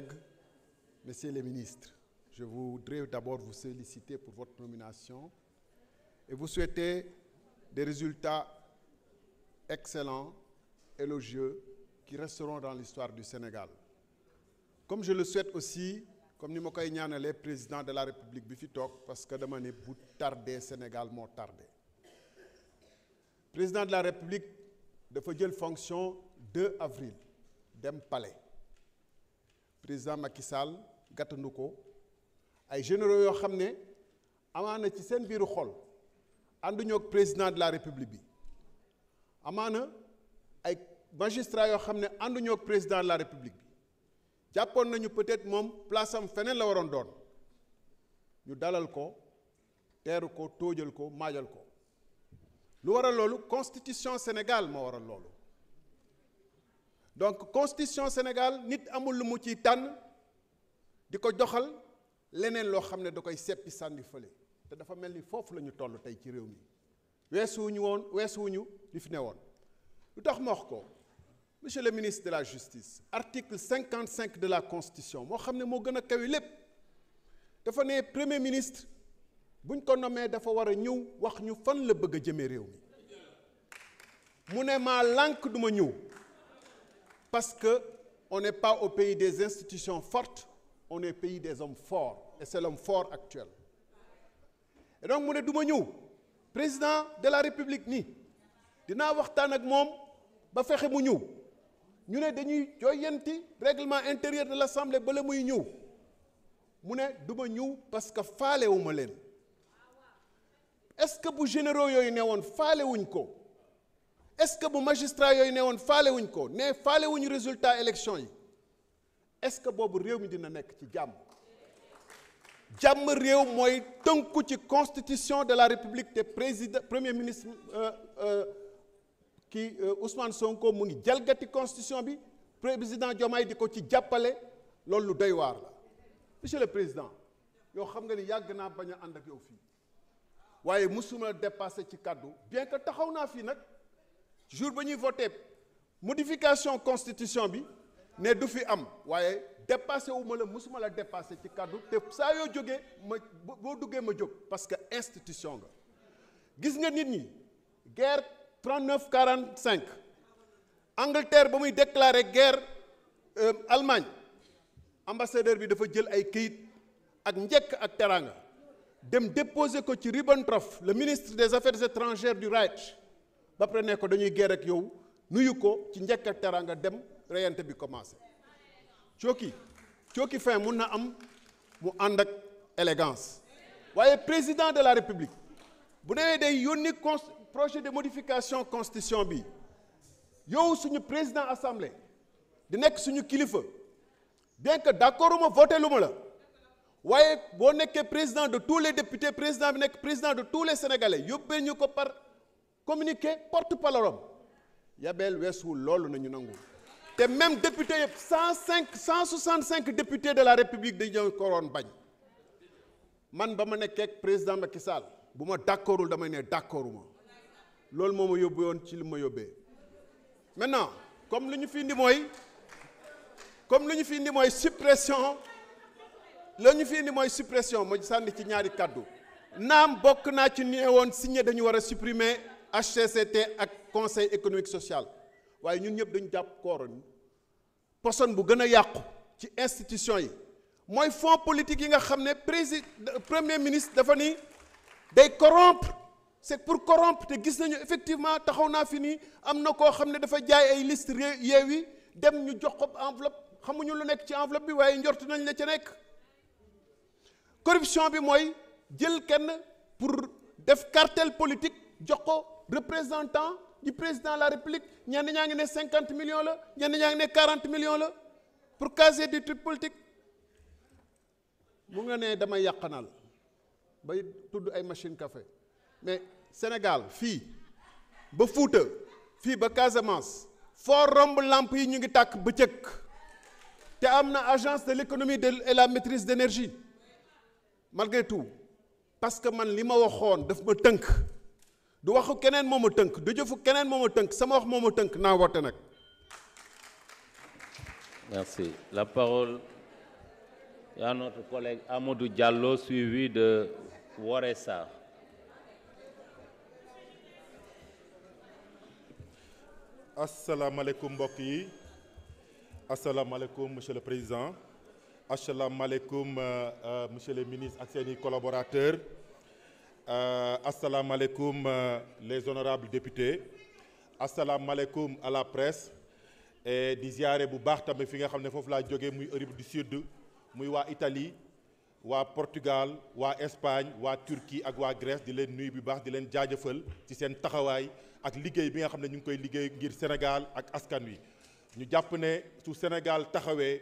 collègues, messieurs les ministres, je voudrais d'abord vous féliciter pour votre nomination et vous souhaiter des résultats excellents, élogieux, qui resteront dans l'histoire du Sénégal. Comme je le souhaite aussi, comme ni ma koy ñaanalee président de la République bi fi toog parce que dama ne bu tardé Sénégal moo tardé président de la République dafa jël fonction 2 avril dem palais président i Sall gàttandu ko ay généraux yoo xam ne amaana ci seen biiru xol ànduñoo ak président de la république bi amaana ay magistrats yoo xam ne ànduñoo ak président de la république bi jàppoon nañu peut-être moom place am feneen la waroon doon ñu dalal ko teeru ko tóojal ko maajal ko lu waral loolu constitution Sénégal moo waral loolu donc constitution Sénégal nit amul lu mu ci tànn di ko joxal leneen loo xam ne da koy seppi sànni fële te dafa mel ni foofu la ñu toll tey ci réew mi weesuwuñu woon weesuwuñu li fi ne woon lu tax ma wax ko monsieur le ministre de la justice article cinquante cinq de la constitution moo xam ne moo gën a kawi lépp dafa ne premier ministre buñ ko nommee dafa war a ñëw wax ñu fan la bëgg a jëmee réew mi mu ne maa lànk du ma ñëw parce qu'on n'est pas au pays des institutions fortes, on est au des hommes forts. Et c'est l'homme fort actuel. Et donc mu ne duma ma ñëw président de la république ni dinaa waxtaan ak moom ba fexe mu ñëw ñu ne dañuy jooyanti règlement intérieur de l'assemblée bala muy ñëw mu ne duma ma ñëw parce que faalewu ma leen est-ce que bu généraux yooyu ne woon faalewuñ ko est-ce que bu magistrat yooyu ne woon faale wuñ ko nee faale wuñu résultat élection yi est-ce que boobu réew mi dina nekk ci jàmm jàmm réew mooy tënku ci constitution de la république te président premier ministre euh, euh, kii euh, Ousmane Sonko mu ngi jalgati constitution bi président Diomaye di ko ci jàppale loolu lu doy waar la monsieur le président yow xam nga ni yàgg naa bañ a ànd ak yow fii waaye mosuma dépassé ci kàddu bien que taxaw naa fii nag. jour ba ñuy voté modification constitution bi ne du fi am waaye dépassé wu ma la musuma la dépassé ci kàddu te saa yoo jógee ma boo duggee ma jóg parce que institution nga gis nga nit ñi guerre 39 45 Angleterre ba muy déclarer guerre euh, Allemagne ambassadeur bi dafa jël ay këyit ak njekk ak teraanga dem déposer ko ci Ribbentrop le ministre des affaires étrangères du Reich ba ne ko dañuy guerre ak yow nuyu ko ci njëkk ak teraanga dem reyante bi commencé cooki cooki fin mun na am mu ànd ak élégance waaye président de la république bu demee day yónni con projet de modification constitution bi yow suñu président assemblée di nekk suñu kilifa bien que d'accord uma voté lu la waaye boo nekkee président de tous les députés président bi nekk président de tous les sénégalais yóbbee ñu ko par communiqué porte parole am yabeel weesuwul loolu nañu nangu te même député yëpp cinq cent soixante cinq députés de la république dañoo ko waroon bañ man ba ma nekkee président Macky Sall bu ma d'accordul damay ne d'accorduma loolu moo ma yóbbee woon ci li ma yóbbee maintenant comme lu ñu fi indi mooy comme lu ñu fi indi mooy suppression la ñu fi indi mooy suppression ma sànni ci ñaari kàddu naam bokk naa ci ne woon signé dañu war a supprimer HCCT ak conseil économique social waaye ñun ñëpp dañu jàpp kooroon personne bu gën a yàqu ci institution yi mooy fonds politique yi nga xam ne président premier ministre dafa ni day corrompre c'est pour corrompre te gis nañu effectivement taxaw naa fi nii am na koo xam ne dafa jaay ay liste yi dem ñu jox ko enveloppe xamuñu lu nekk ci enveloppe bi waaye njortu nañ la ca nekk corruption bi mooy jël kenn pour def cartel politique jox ko représentant du président la république ñenn ñaa ngi ne cinquante millions la ñenn ñaa ngi ne quarante millions la pour caser du truc politique mu nga ne damay yàqanal bay tudd ay machine café mais Sénégal fii ba Fuuta fii ba Casamance foo romb làmp yi ñu ngi tàkk bëccëg te am na agence de l'économie et la maîtrise d'énergie malgré tout parce que man li ma waxoon daf ma tënk du waxu keneen moom ma tënk du jëfu keneen moom ma tënk sama wax moom ma tënk naa woote nag. merci la parole Amadou Diallo suivi de Woré Sarr. asalaamaaleykum mbokk yi asalaamaaleykum monsieur le président asalaamaaleykum euh, euh, monsieur le ministre ak seeni collaborateurs. Euh, asalaamaaleykum euh, les honorables députés asalaamaaleykum à la presse et di ziare bu baax tamit fi nga xam ne foofu laa jóge muy Europe du Sud muy waa Italie waa Portugal waa Espagne waa Turquie ak waa Grèce di leen nuyu bu baax di leen jaajëfal ci seen taxawaay ak liggéey bi nga xam ne ñu ngi koy liggéey ngir Sénégal ak askan wi ñu jàpp ne su Sénégal taxawee